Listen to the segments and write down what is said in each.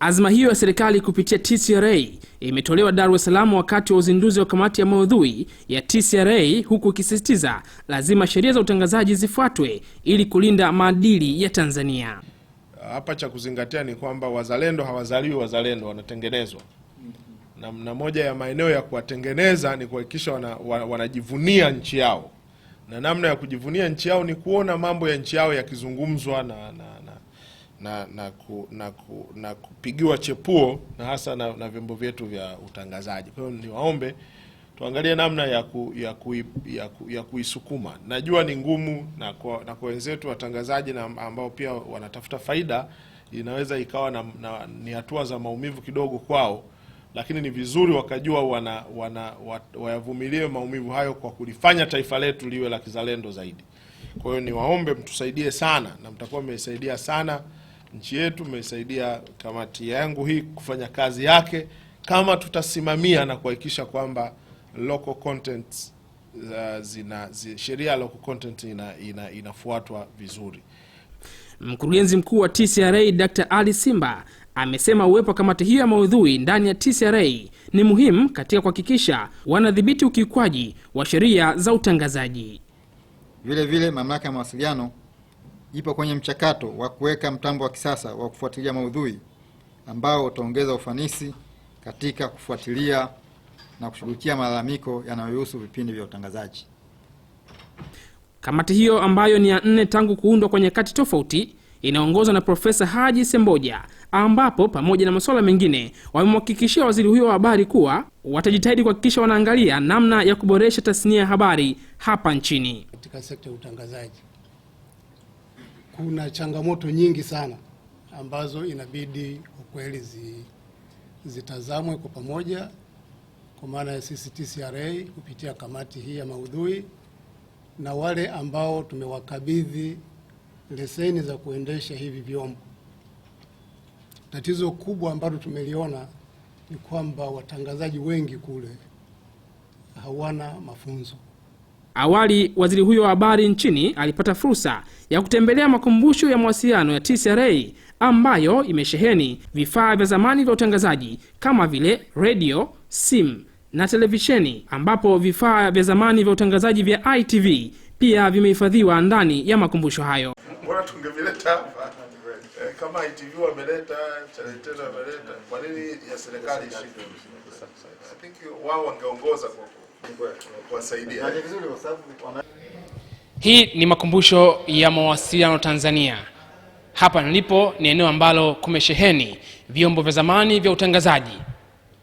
Azma hiyo ya serikali kupitia TCRA imetolewa Dar es Salaam wakati wa uzinduzi wa kamati ya maudhui ya TCRA, huku ikisisitiza lazima sheria za utangazaji zifuatwe ili kulinda maadili ya Tanzania. Hapa cha kuzingatia ni kwamba wazalendo hawazaliwi wazalendo, wanatengenezwa na, na moja ya maeneo ya kuwatengeneza ni kuhakikisha wana, wana, wanajivunia nchi yao, na namna ya kujivunia nchi yao ni kuona mambo ya nchi yao yakizungumzwa na, na, na na, ku, na, ku, na kupigiwa chepuo na hasa na, na vyombo vyetu vya utangazaji. Kwa hiyo niwaombe tuangalie namna ya, ku, ya, ku, ya, ku, ya kuisukuma. Najua ni ngumu, na kwa, na kwa wenzetu watangazaji na ambao pia wanatafuta faida inaweza ikawa na, na, ni hatua za maumivu kidogo kwao, lakini ni vizuri wakajua wana, wana, wayavumilie maumivu hayo kwa kulifanya taifa letu liwe la kizalendo zaidi. Kwa hiyo niwaombe mtusaidie sana, na mtakuwa mmesaidia sana nchi yetu, mmesaidia kamati yangu hii kufanya kazi yake. Kama tutasimamia na kuhakikisha kwamba local content uh, zina zi, sheria local content ina, ina, inafuatwa vizuri. Mkurugenzi mkuu wa TCRA Dr. Ali Simba amesema uwepo wa kamati hiyo ya maudhui ndani ya TCRA ni muhimu katika kuhakikisha wanadhibiti ukiukwaji wa sheria za utangazaji. Vile vile mamlaka ya mawasiliano ipo kwenye mchakato wa kuweka mtambo wa kisasa wa kufuatilia maudhui ambao utaongeza ufanisi katika kufuatilia na kushughulikia malalamiko yanayohusu vipindi vya utangazaji. Kamati hiyo ambayo ni ya nne tangu kuundwa kwa nyakati tofauti inaongozwa na Profesa Haji Semboja, ambapo pamoja na masuala mengine wamemhakikishia waziri huyo wa habari kuwa watajitahidi kuhakikisha wanaangalia namna ya kuboresha tasnia ya habari hapa nchini katika sekta ya utangazaji kuna changamoto nyingi sana ambazo inabidi ukweli zi, zitazamwe kwa pamoja kwa maana ya sisi TCRA kupitia kamati hii ya maudhui na wale ambao tumewakabidhi leseni za kuendesha hivi vyombo. Tatizo kubwa ambalo tumeliona ni kwamba watangazaji wengi kule hawana mafunzo. Awali waziri huyo wa habari nchini alipata fursa ya kutembelea makumbusho ya mawasiliano ya TCRA ambayo imesheheni vifaa vya zamani vya utangazaji kama vile redio, simu na televisheni, ambapo vifaa vya zamani vya utangazaji vya ITV pia vimehifadhiwa ndani ya makumbusho hayo. Mbona tungevileta hapa eh, kama ITV wameleta, wameleta, kwa nini ya serikali ishindwe? Wao wangeongoza kwa kuwasaidia. Hii ni makumbusho ya mawasiliano Tanzania. Hapa nilipo ni eneo ambalo kumesheheni vyombo vya zamani vya utangazaji.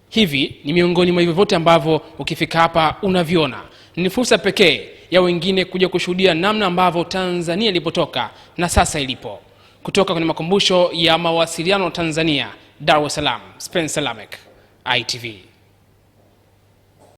Hivi ni miongoni mwa hivyo vyote ambavyo ukifika hapa unaviona. Ni fursa pekee ya wengine kuja kushuhudia namna ambavyo Tanzania ilipotoka na sasa ilipo. Kutoka kwenye makumbusho ya mawasiliano Tanzania, Dar es Salaam, Spencer Lamek, ITV.